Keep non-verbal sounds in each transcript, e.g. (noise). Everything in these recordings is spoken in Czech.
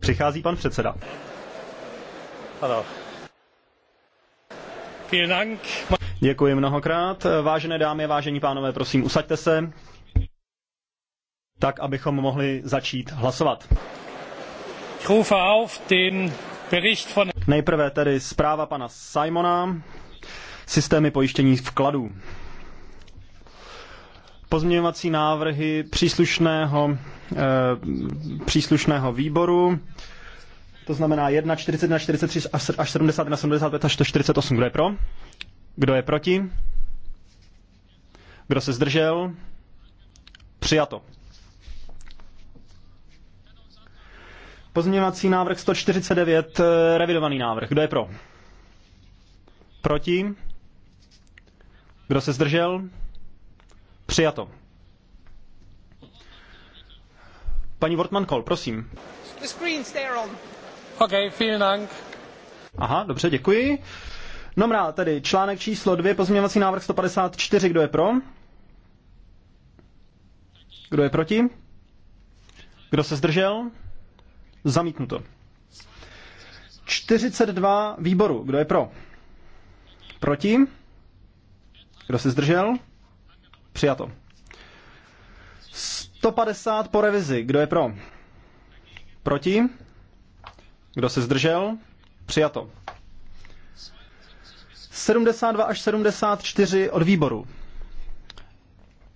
Přichází pan předseda. Ano. Děkuji mnohokrát. Vážené dámy, vážení pánové, prosím, usaďte se, tak abychom mohli začít hlasovat. Nejprve tedy zpráva pana Simona, systémy pojištění vkladů. Pozměňovací návrhy příslušného Eh, příslušného výboru. To znamená 1, 40 na 43 až 70 na 75 až 148. Kdo je pro? Kdo je proti? Kdo se zdržel? Přijato. Pozměňovací návrh 149, eh, revidovaný návrh. Kdo je pro? Proti? Kdo se zdržel? Přijato. Paní Wortmann Kohl, prosím. Okay, vielen Dank. Aha, dobře, děkuji. Dobrá, no, tedy článek číslo 2, pozměňovací návrh 154, kdo je pro? Kdo je proti? Kdo se zdržel? Zamítnuto. 42 výboru, kdo je pro? Proti? Kdo se zdržel? Přijato. 150 po revizi. Kdo je pro? Proti? Kdo se zdržel? Přijato. 72 až 74 od výboru.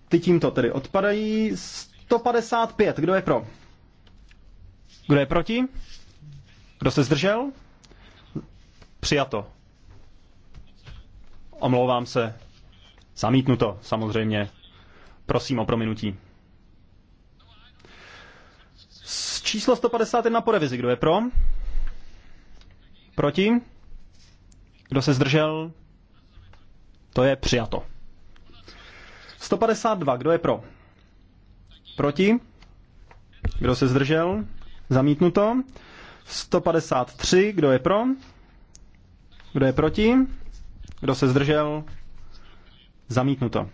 Ty tímto tedy odpadají. 155. Kdo je pro? Kdo je proti? Kdo se zdržel? Přijato. Omlouvám se. Zamítnuto, samozřejmě. Prosím o prominutí. S číslo 151 po revizi. Kdo je pro? Proti? Kdo se zdržel? To je přijato. 152. Kdo je pro? Proti? Kdo se zdržel? Zamítnuto. 153. Kdo je pro? Kdo je proti? Kdo se zdržel? Zamítnuto.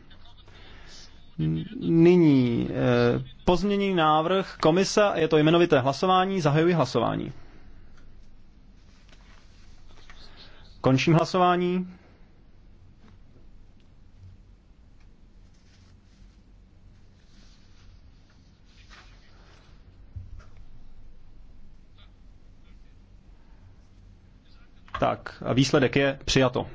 Nyní eh, pozměněný návrh komise, je to jmenovité hlasování, zahajuji hlasování. Končím hlasování. Tak a výsledek je přijato.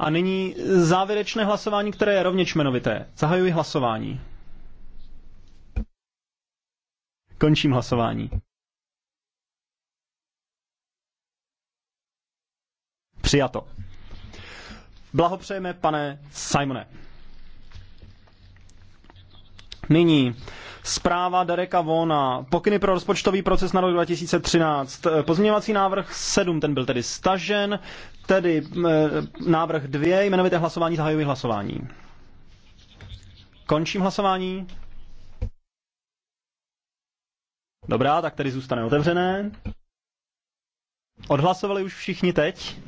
A nyní závěrečné hlasování, které je rovněž jmenovité. Zahajuji hlasování. Končím hlasování. Přijato. Blahopřejeme, pane Simone. Nyní Zpráva Dereka Vona, pokyny pro rozpočtový proces na rok 2013, eh, pozměňovací návrh 7, ten byl tedy stažen, tedy eh, návrh 2, jmenovité hlasování, zahajuji hlasování. Končím hlasování. Dobrá, tak tedy zůstane otevřené. Odhlasovali už všichni teď?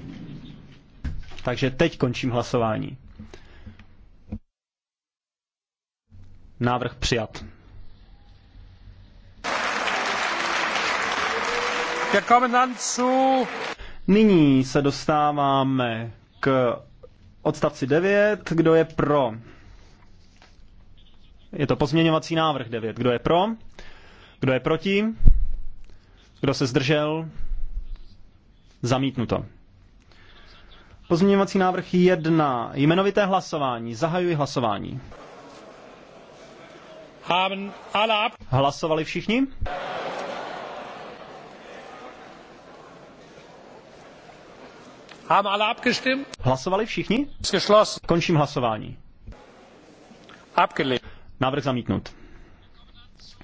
Takže teď končím hlasování. Návrh přijat. Nyní se dostáváme k odstavci 9. Kdo je pro? Je to pozměňovací návrh 9. Kdo je pro? Kdo je proti? Kdo se zdržel? Zamítnuto. Pozměňovací návrh 1. Jmenovité hlasování. Zahajuji hlasování. Hlasovali všichni? Haben alle abgestimmt? Hlasovali všichni? Geschlossen. Končím hlasování. Abgelehnt. Návrh zamítnut.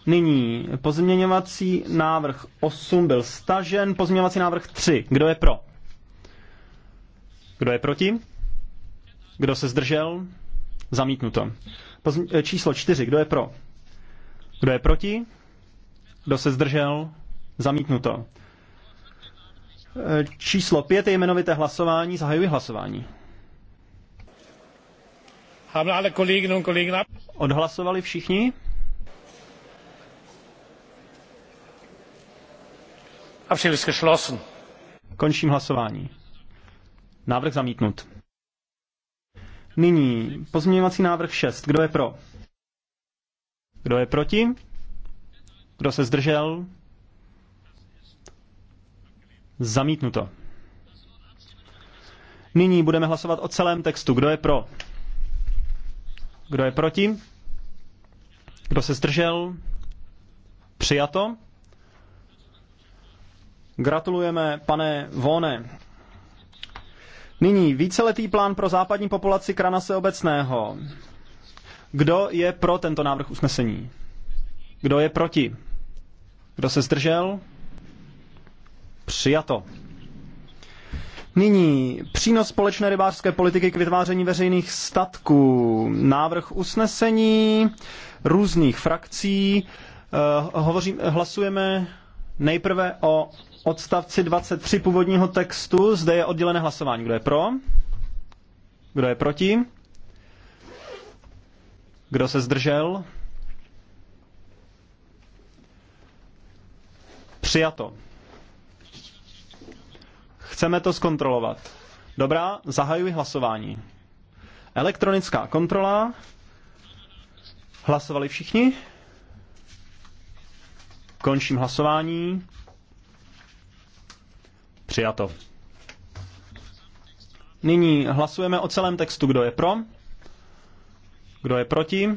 Nyní pozměňovací návrh 8 byl stažen, pozměňovací návrh 3. Kdo je pro? Kdo je proti? Kdo se zdržel? Zamítnuto. Pozm- eh, číslo 4. Kdo je pro? Kdo je proti? Kdo se zdržel? Zamítnuto. Číslo pět je jmenovité hlasování. Zahajuji hlasování. Odhlasovali všichni? Končím hlasování. Návrh zamítnut. Nyní pozměňovací návrh 6. Kdo je pro? Kdo je proti? Kdo se zdržel? Zamítnuto. Nyní budeme hlasovat o celém textu. Kdo je pro? Kdo je proti? Kdo se zdržel? Přijato. Gratulujeme, pane Vone. Nyní víceletý plán pro západní populaci Kranase obecného. Kdo je pro tento návrh usnesení? Kdo je proti? Kdo se zdržel? Přijato. Nyní přínos společné rybářské politiky k vytváření veřejných statků. Návrh usnesení různých frakcí. Eh, hovořím, hlasujeme nejprve o odstavci 23 původního textu. Zde je oddělené hlasování. Kdo je pro? Kdo je proti? Kdo se zdržel? Přijato. Chceme to zkontrolovat. Dobrá, zahajuji hlasování. Elektronická kontrola. Hlasovali všichni? Končím hlasování. Přijato. Nyní hlasujeme o celém textu. Kdo je pro? Kdo je proti?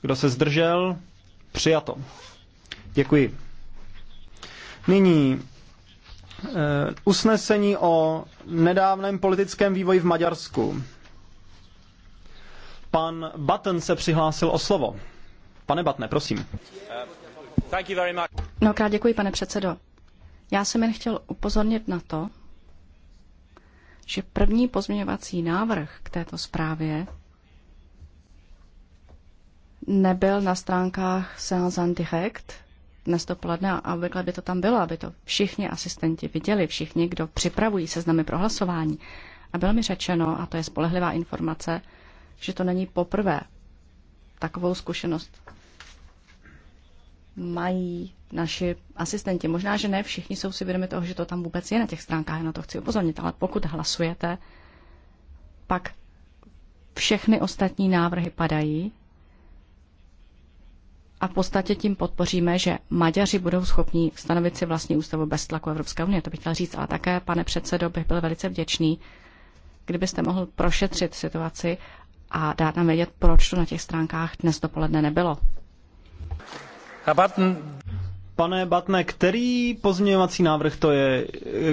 Kdo se zdržel? Přijato. Děkuji. Nyní Eh, usnesení o nedávném politickém vývoji v Maďarsku. Pan Button se přihlásil o slovo. Pane Batne, prosím. No, krát děkuji, pane předsedo. Já jsem jen chtěl upozornit na to, že první pozměňovací návrh k této zprávě nebyl na stránkách Seansan Direct, dnes dopoledne a obvykle by to tam bylo, aby to všichni asistenti viděli, všichni, kdo připravují seznamy pro hlasování. A bylo mi řečeno, a to je spolehlivá informace, že to není poprvé takovou zkušenost mají naši asistenti. Možná, že ne všichni jsou si vědomi toho, že to tam vůbec je na těch stránkách, na to chci upozornit, ale pokud hlasujete, pak všechny ostatní návrhy padají a v podstatě tím podpoříme, že Maďaři budou schopni stanovit si vlastní ústavu bez tlaku Evropské unie. To bych chtěl říct, ale také, pane předsedo, bych byl velice vděčný, kdybyste mohl prošetřit situaci a dát nám vědět, proč to na těch stránkách dnes dopoledne nebylo. Pane Batne, který pozměňovací návrh to je?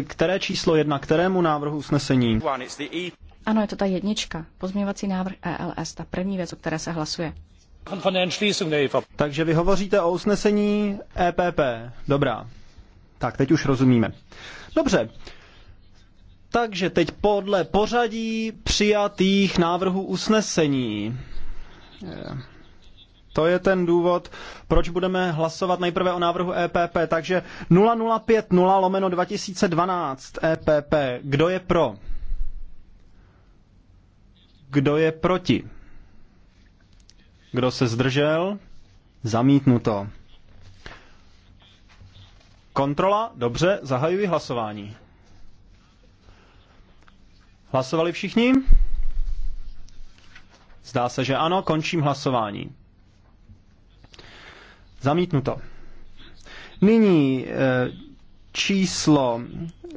Které číslo jedna? Kterému návrhu usnesení? Ano, je to ta jednička. Pozměňovací návrh ELS, ta první věc, o které se hlasuje. E Takže vy hovoříte o usnesení EPP. Dobrá. Tak, teď už rozumíme. Dobře. Takže teď podle pořadí přijatých návrhů usnesení. Eh, to je ten důvod, proč budeme hlasovat nejprve o návrhu EPP. Takže 0050 lomeno 2012 EPP. Kdo je pro? Kdo je proti? Kdo se zdržel? Zamítnuto. Kontrola? Dobře, zahajuji hlasování. Hlasovali všichni? Zdá se, že ano, končím hlasování. Zamítnuto. Nyní eh, číslo,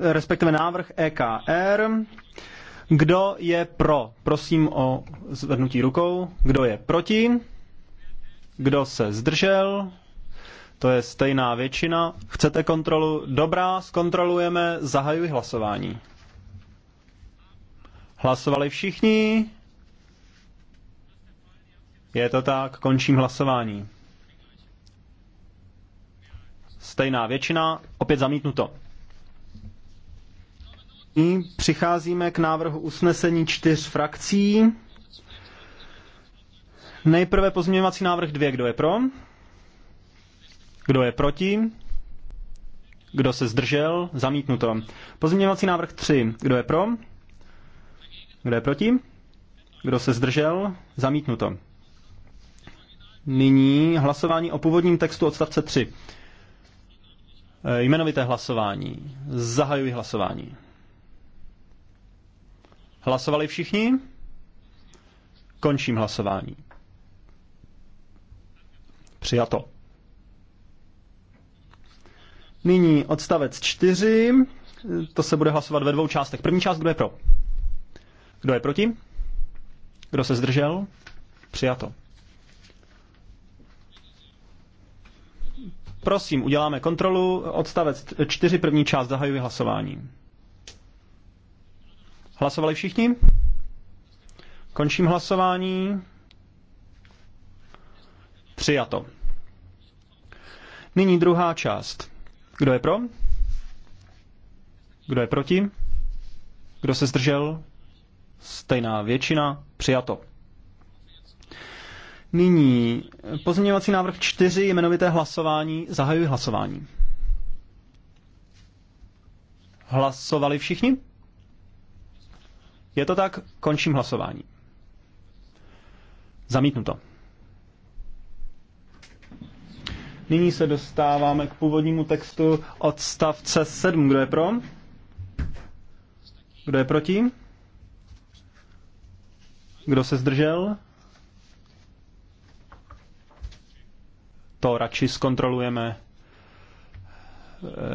respektive návrh EKR. Kdo je pro? Prosím o zvednutí rukou. Kdo je proti? Kdo se zdržel? To je stejná většina. Chcete kontrolu? Dobrá, zkontrolujeme. Zahajuji hlasování. Hlasovali všichni? Je to tak, končím hlasování. Stejná většina, opět zamítnuto. Nyní přicházíme k návrhu usnesení čtyř frakcí. Nejprve pozměňovací návrh dvě. Kdo je pro? Kdo je proti? Kdo se zdržel? Zamítnuto. Pozměňovací návrh 3. Kdo je pro? Kdo je proti? Kdo se zdržel? Zamítnuto. Nyní hlasování o původním textu odstavce 3. E, jmenovité hlasování. Zahajuji hlasování. Hlasovali všichni? Končím hlasování. Přijato. Nyní odstavec 4. To se bude hlasovat ve dvou částech. První část, kdo je pro? Kdo je proti? Kdo se zdržel? Přijato. Prosím, uděláme kontrolu. Odstavec 4, první část, zahajuji hlasování. Hlasovali všichni? Končím hlasování. Přijato. Nyní druhá část. Kdo je pro? Kdo je proti? Kdo se zdržel? Stejná většina. Přijato. Nyní pozměňovací návrh 4, jmenovité hlasování. Zahajuji hlasování. Hlasovali všichni? Je to tak? Končím hlasování. Zamítnuto. Nyní se dostáváme k původnímu textu odstavce 7. Kdo je pro? Kdo je proti? Kdo se zdržel? To radši zkontrolujeme.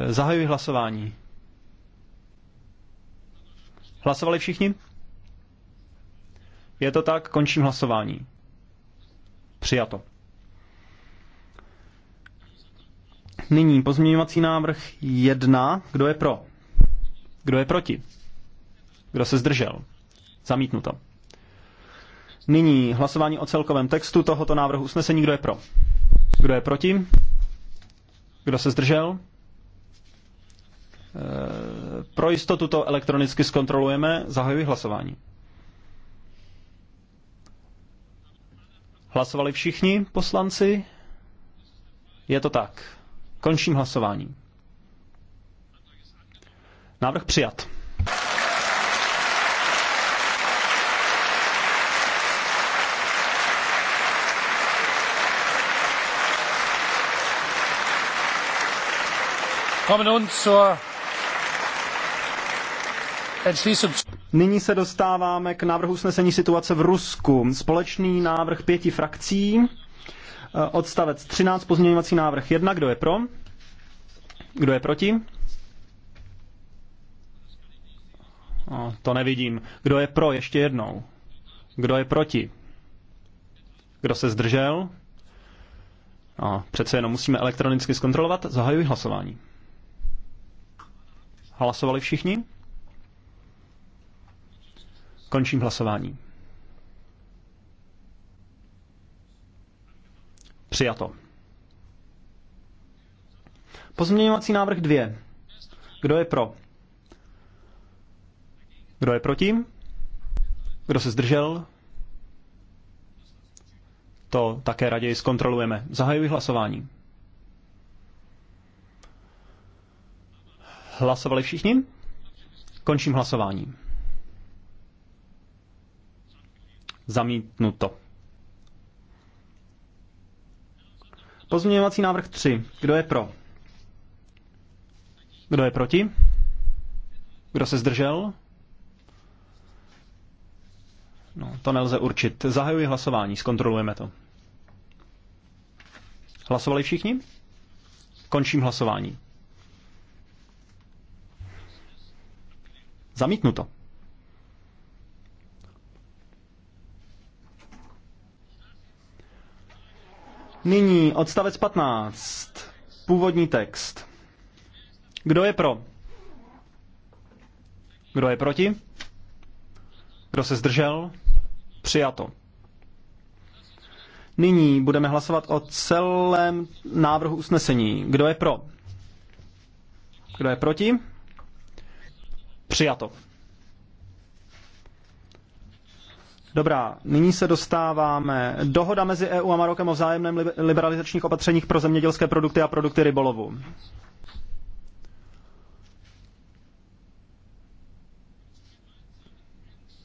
Zahajuji hlasování. Hlasovali všichni? Je to tak, končím hlasování. Přijato. Nyní pozměňovací návrh 1. Kdo je pro? Kdo je proti? Kdo se zdržel? Zamítnuto. Nyní hlasování o celkovém textu tohoto návrhu usnesení. Kdo je pro? Kdo je proti? Kdo se zdržel? Eh, pro jistotu to elektronicky zkontrolujeme. Zahajuji hlasování. Hlasovali všichni poslanci? Je to tak. Končím hlasování. Návrh přijat. Kommen nun zur Entschließung. Nyní se dostáváme k návrhu usnesení situace v Rusku. Společný návrh pěti frakcí, eh, odstavec 13, pozměňovací návrh 1. Kdo je pro? Kdo je proti? O, to nevidím. Kdo je pro? Ještě jednou. Kdo je proti? Kdo se zdržel? A přece jenom musíme elektronicky zkontrolovat. Zahajuji hlasování. Hlasovali všichni? Končím hlasování. Přijato. Pozměňovací návrh 2. Kdo je pro? Kdo je proti? Kdo se zdržel? To také raději zkontrolujeme. Zahajuji hlasování. Hlasovali všichni? Končím hlasování. Zamítnuto. Pozměňovací návrh 3. Kdo je pro? Kdo je proti? Kdo se zdržel? No, to nelze určit. Zahajuji hlasování, zkontrolujeme to. Hlasovali všichni? Končím hlasování. Zamítnuto. Nyní odstavec 15. Původní text. Kdo je pro? Kdo je proti? Kdo se zdržel? Přijato. Nyní budeme hlasovat o celém návrhu usnesení. Kdo je pro? Kdo je proti? Přijato. Dobrá, nyní se dostáváme. Dohoda mezi EU a Marokem o vzájemném liberalizačních opatřeních pro zemědělské produkty a produkty rybolovu.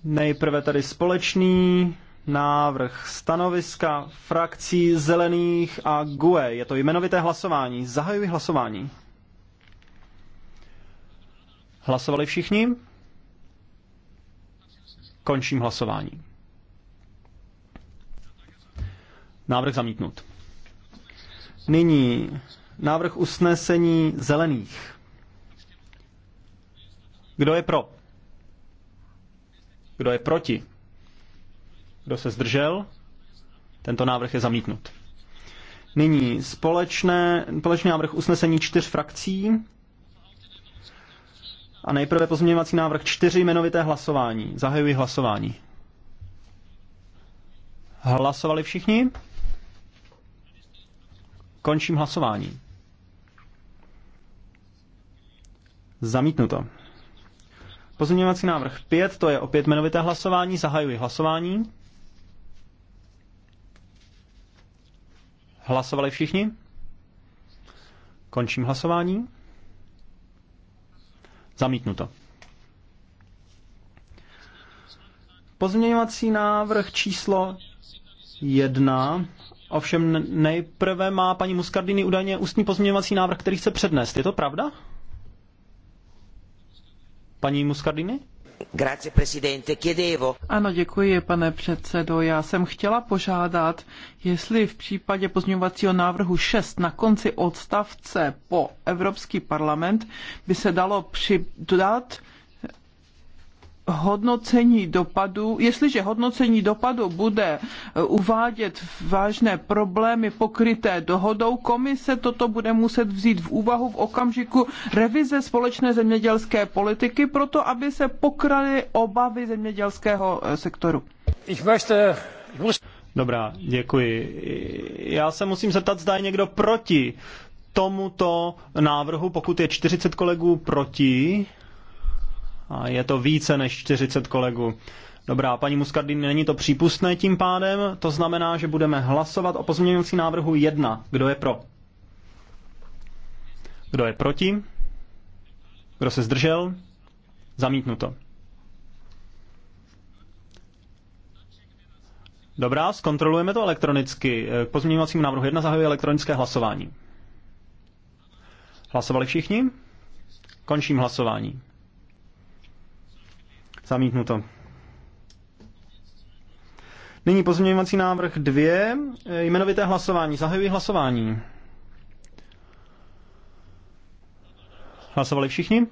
Nejprve tady společný návrh stanoviska frakcí zelených a GUE. Je to jmenovité hlasování. Zahajuji hlasování. Hlasovali všichni? Končím hlasování. Návrh zamítnut. Nyní návrh usnesení zelených. Kdo je pro? Kdo je proti? Kdo se zdržel? Tento návrh je zamítnut. Nyní společné, společný návrh usnesení čtyř frakcí. A nejprve pozměňovací návrh čtyři jmenovité hlasování. Zahajuji hlasování. Hlasovali všichni? Končím hlasování. Zamítnuto. Pozměňovací návrh 5, to je opět jmenovité hlasování. Zahajuji hlasování. Hlasovali všichni? Končím hlasování. Zamítnuto. Pozměňovací návrh číslo 1 Ovšem nejprve má paní Muscardini údajně ústní pozměňovací návrh, který chce přednést. Je to pravda? Paní Muscardini? Ano, děkuji, pane předsedo. Já jsem chtěla požádat, jestli v případě pozměňovacího návrhu 6 na konci odstavce po Evropský parlament by se dalo přidat hodnocení dopadu, jestliže hodnocení dopadu bude e, uvádět vážné problémy pokryté dohodou, komise toto bude muset vzít v úvahu v okamžiku revize společné zemědělské politiky, proto aby se pokraly obavy zemědělského e, sektoru. Dobrá, děkuji. Já se musím zeptat, zda je někdo proti tomuto návrhu, pokud je 40 kolegů proti, a je to více než 40 kolegů. Dobrá, paní Muscardini, není to přípustné tím pádem, to znamená, že budeme hlasovat o pozměňovací návrhu 1. Kdo je pro? Kdo je proti? Kdo se zdržel? Zamítnuto. Dobrá, zkontrolujeme to elektronicky. K pozměňovacímu návrhu 1 zahajuje elektronické hlasování. Hlasovali všichni? Končím hlasování. Zamítnuto. Nyní pozměňovací návrh 2. Jmenovité hlasování. Zahajuji hlasování. Hlasovali všichni?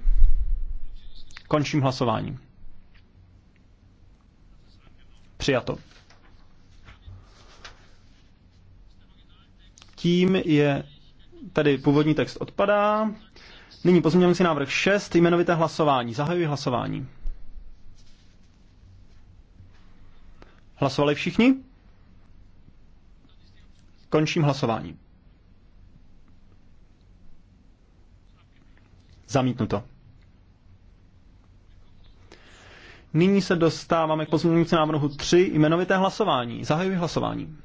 Končím hlasování. Přijato. Tím je tady původní text odpadá. Nyní pozměňovací návrh 6, jmenovité hlasování. Zahajuji hlasování. Hlasovali všichni? Končím hlasování. Zamítnuto. Nyní se dostáváme k pozměňujícímu návrhu 3, jmenovité hlasování. Zahajuji hlasování.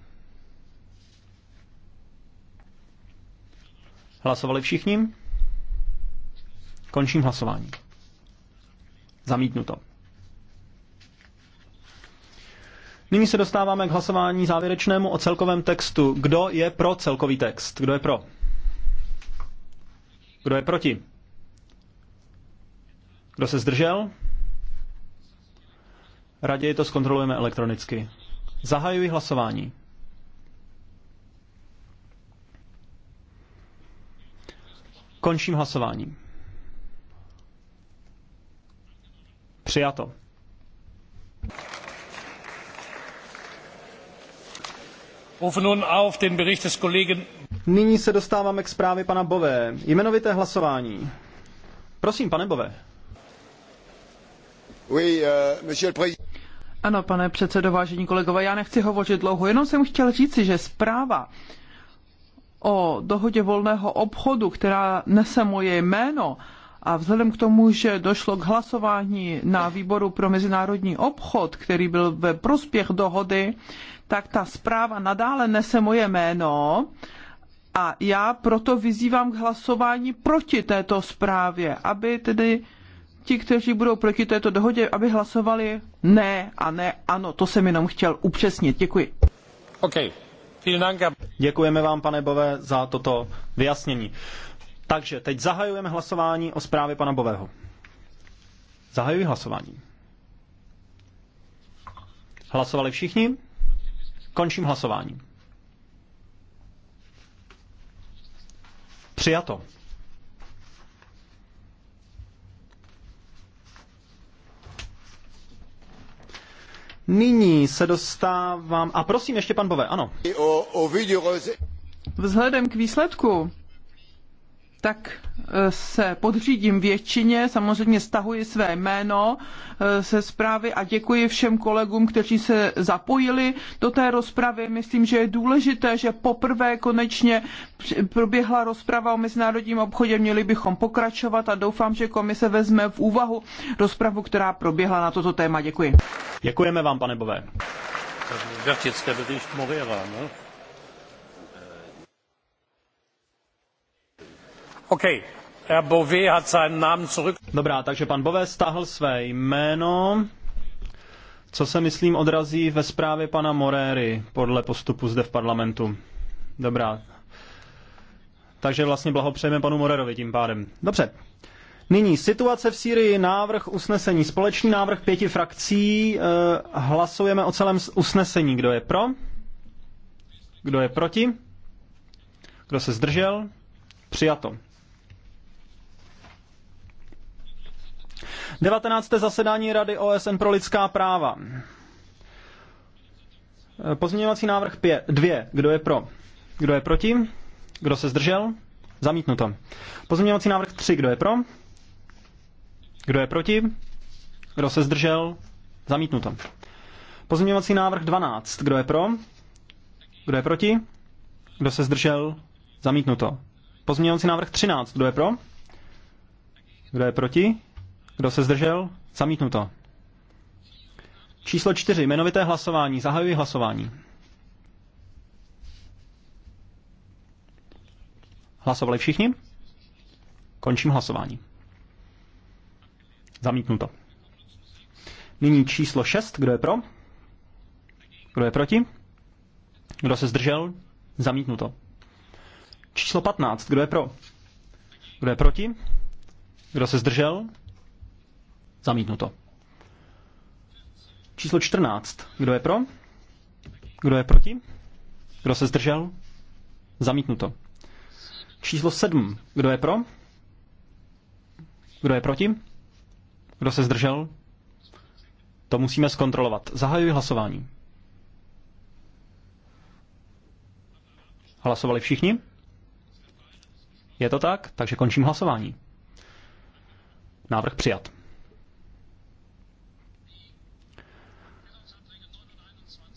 Hlasovali všichni? Končím hlasování. Zamítnuto. Nyní se dostáváme k hlasování závěrečnému o celkovém textu. Kdo je pro celkový text? Kdo je pro? Kdo je proti? Kdo se zdržel? Raději to zkontrolujeme elektronicky. Zahajuji hlasování. Končím hlasování. Přijato. Nyní se dostáváme k zprávě pana Bové. Jmenovité hlasování. Prosím, pane Bové. Euh, ano, pane předsedo, vážení kolegové, já nechci hovořit dlouho, jenom jsem chtěl říci, že zpráva o dohodě volného obchodu, která nese moje jméno, a vzhledem k tomu, že došlo k hlasování na výboru pro mezinárodní obchod, který byl ve prospěch dohody, tak ta zpráva nadále nese moje jméno a já proto vyzývám k hlasování proti této zprávě, aby tedy ti, kteří budou proti této dohodě, aby hlasovali ne a ne ano. To jsem jenom chtěl upřesnit. Děkuji. Okay. Děkujeme vám, pane Bové, za toto vyjasnění. Takže teď zahajujeme hlasování o zprávě pana Bového. Zahajuji hlasování. Hlasovali všichni? Končím hlasování. Přijato. Nyní se dostávám... A prosím, ještě pan Bové, ano. Vzhledem k výsledku, tak se podřídím většině, samozřejmě stahuji své jméno se eh, zprávy a děkuji všem kolegům, kteří se zapojili do té rozpravy. Myslím, že je důležité, že poprvé konečně proběhla rozprava o mezinárodním obchodě, měli bychom pokračovat a doufám, že komise vezme v úvahu rozpravu, která proběhla na toto téma. Děkuji. Děkujeme vám, pane Bové. Dobrá, takže pan Bové stáhl své jméno, co se myslím odrazí ve zprávě pana Moréry podle postupu zde v parlamentu. Dobrá. Takže vlastně blahopřejeme panu Morerovi tím pádem. Dobře. Nyní situace v Sýrii, návrh usnesení, společný návrh pěti frakcí. Eh, hlasujeme o celém usnesení. Kdo je pro? Kdo je proti? Kdo se zdržel? Přijato. 19. zasedání Rady OSN pro lidská práva. Pozměňovací návrh 2. Kdo je pro? Kdo je proti? Kdo se zdržel? Zamítnuto. Pozměňovací návrh 3. Kdo je pro? Kdo je proti? Kdo se zdržel? Zamítnuto. Pozměňovací návrh 12. Kdo je pro? Kdo je proti? Kdo se zdržel? Zamítnuto. Pozměňovací návrh 13. Kdo je pro? Kdo je proti? Kdo se zdržel? Zamítnuto. Číslo čtyři. Jmenovité hlasování. Zahajuji hlasování. Hlasovali všichni? Končím hlasování. Zamítnuto. Nyní číslo 6. Kdo je pro? Kdo je proti? Kdo se zdržel? Zamítnuto. Číslo 15. Kdo je pro? Kdo je proti? Kdo se zdržel? Zamítnuto. Číslo 14. Kdo je pro? Kdo je proti? Kdo se zdržel? Zamítnuto. Číslo 7. Kdo je pro? Kdo je proti? Kdo se zdržel? To musíme zkontrolovat. Zahajuji hlasování. Hlasovali všichni? Je to tak? Takže končím hlasování. Návrh přijat.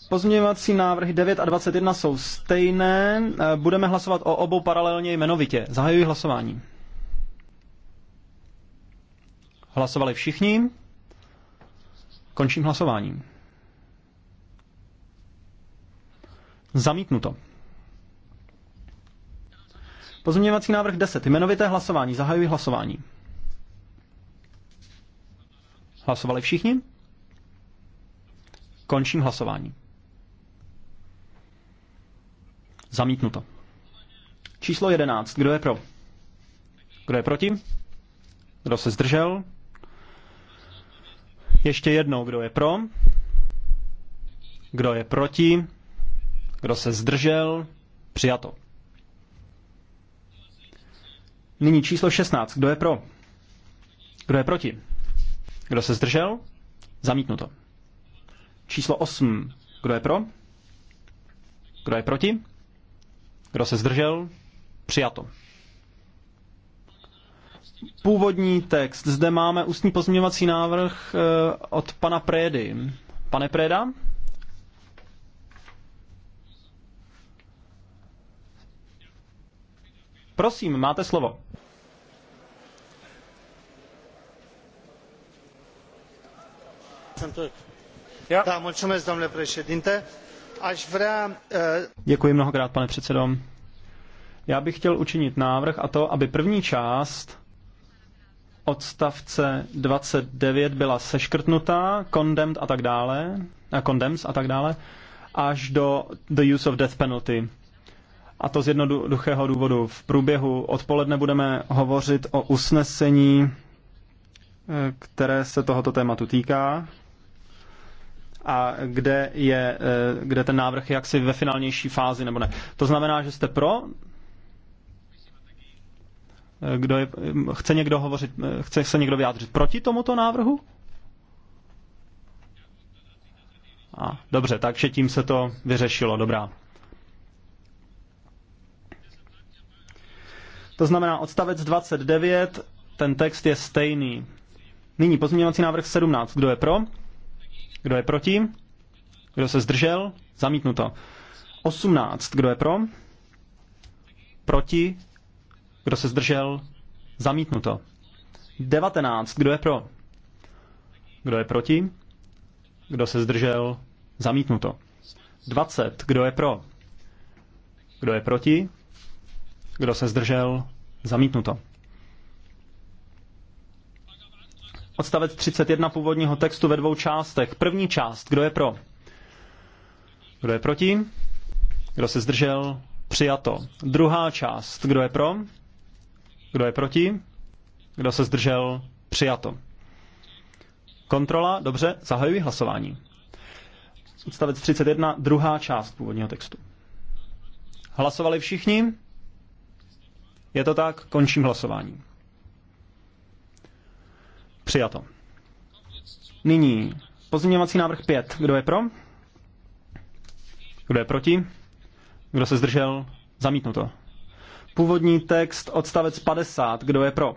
Pozměňovací návrhy 9 a 21 jsou stejné. Eh, budeme hlasovat o obou paralelně jmenovitě. Zahajuji hlasování. Hlasovali všichni. Končím hlasování. Zamítnuto. Pozměňovací návrh 10. Jmenovité hlasování. Zahajuji hlasování. Hlasovali všichni? Končím hlasování. Zamítnuto. Číslo 11. Kdo je pro? Kdo je proti? Kdo se zdržel? Ještě jednou, kdo je pro? Kdo je proti? Kdo se zdržel? Přijato. Nyní číslo 16. Kdo je pro? Kdo je proti? Kdo se zdržel? Zamítnuto. Číslo 8. Kdo je pro? Kdo je proti? Kdo se zdržel? Přijato. Původní text. Zde máme ústní pozměňovací návrh eh, od pana Prédy. Pane Préda? Prosím, máte slovo. Ja. Da, mulțumesc, domnule președinte Eh, Děkuji mnohokrát, pane předsedo. Já bych chtěl učinit návrh a to, aby první část odstavce 29 byla seškrtnutá, condemned a tak dále, a eh, condemns a tak dále, až do the use of death penalty. A to z jednoduchého důvodu. V průběhu odpoledne budeme hovořit o usnesení, eh, které se tohoto tématu týká a kde, je, eh, kde ten návrh je jaksi ve finálnější fázi nebo ne. To znamená, že jste pro? Eh, kdo je, eh, chce někdo hovořit, chce se někdo vyjádřit proti tomuto návrhu? A, dobře, takže tím se to vyřešilo, dobrá. To znamená odstavec 29, ten text je stejný. Nyní pozměňovací návrh 17. Kdo je pro? Kdo je proti? Kdo se zdržel? Zamítnuto. 18. Kdo je pro? Proti? Kdo se zdržel? Zamítnuto. 19. Kdo je pro? Kdo je proti? Kdo se zdržel? Zamítnuto. 20. Kdo je pro? Kdo je proti? Kdo se zdržel? Zamítnuto. odstavec 31 původního textu ve dvou částech. První část, kdo je pro? Kdo je proti? Kdo se zdržel? Přijato. Druhá část, kdo je pro? Kdo je proti? Kdo se zdržel? Přijato. Kontrola, dobře, zahajuji hlasování. Odstavec 31, druhá část původního textu. Hlasovali všichni? Je to tak, končím hlasování. Přijato. Nyní pozměňovací návrh 5. Kdo je pro? Kdo je proti? Kdo se zdržel? Zamítnuto. Původní text odstavec 50. Kdo je pro?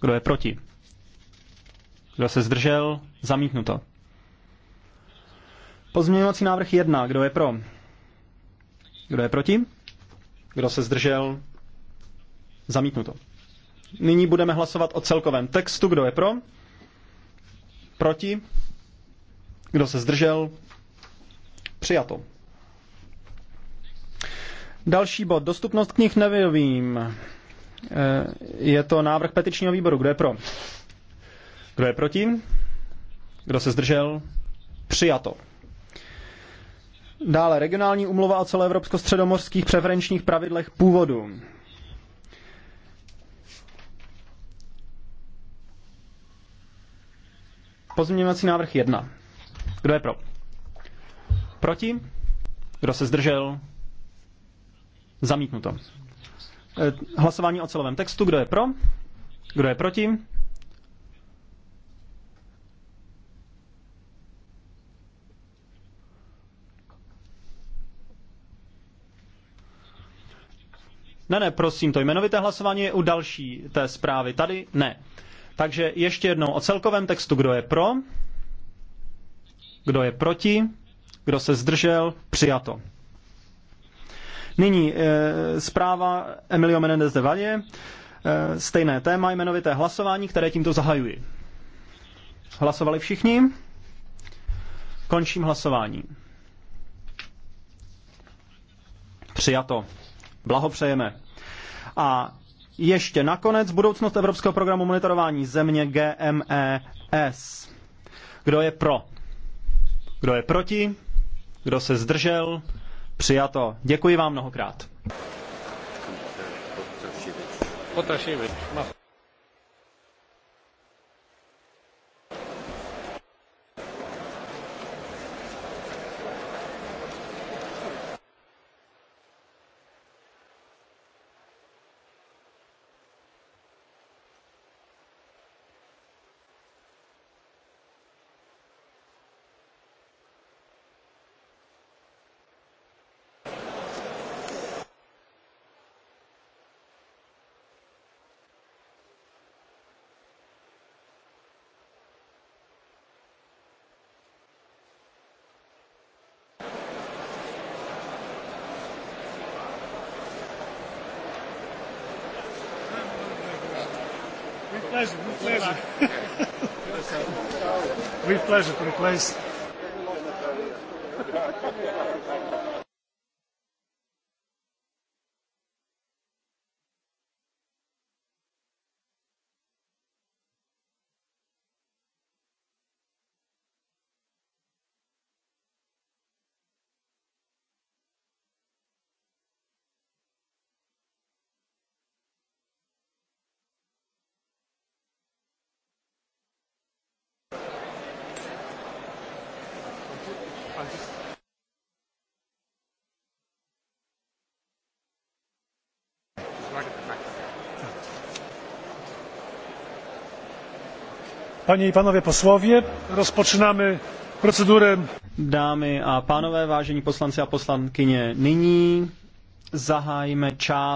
Kdo je proti? Kdo se zdržel? Zamítnuto. Pozměňovací návrh 1. Kdo je pro? Kdo je proti? Kdo se zdržel? Zamítnuto. Nyní budeme hlasovat o celkovém textu. Kdo je pro? Proti? Kdo se zdržel? Přijato. Další bod. Dostupnost knih nevím. Eh, je to návrh petičního výboru. Kdo je pro? Kdo je proti? Kdo se zdržel? Přijato. Dále regionální umluva o celoevropsko-středomorských preferenčních pravidlech původu. Pozměňovací návrh 1. Kdo je pro? Proti? Kdo se zdržel? Zamítnuto. E, hlasování o celovém textu. Kdo je pro? Kdo je proti? Ne, ne, prosím, to jmenovité hlasování je u další té zprávy. Tady ne. Takže ještě jednou o celkovém textu, kdo je pro, kdo je proti, kdo se zdržel, přijato. Nyní e, zpráva Emilio Menendez de Valle, e, stejné téma, jmenovité hlasování, které tímto zahajuji. Hlasovali všichni? Končím hlasování. Přijato. Blahopřejeme. A ještě nakonec budoucnost Evropského programu monitorování země GMES. Kdo je pro? Kdo je proti? Kdo se zdržel? Přijato. Děkuji vám mnohokrát. Potrašivič. With pleasure, with pleasure. (laughs) with pleasure, with pleasure. Paní i pánové poslově, rozpočínáme procedurę. Dámy a pánové, vážení poslanci a poslankyně, nyní zahájíme část